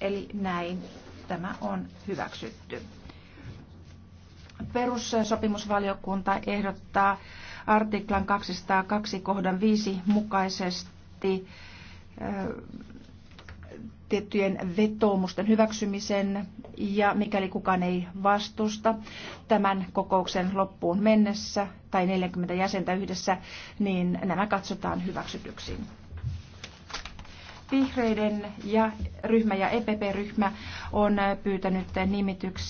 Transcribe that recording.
Eli näin tämä on hyväksytty. Perussopimusvaliokunta ehdottaa artiklan 202 kohdan 5 mukaisesti tiettyjen vetoomusten hyväksymisen ja mikäli kukaan ei vastusta tämän kokouksen loppuun mennessä tai 40 jäsentä yhdessä, niin nämä katsotaan hyväksytyksiin. Vihreiden ja ryhmä ja EPP-ryhmä on pyytänyt nimityksiä.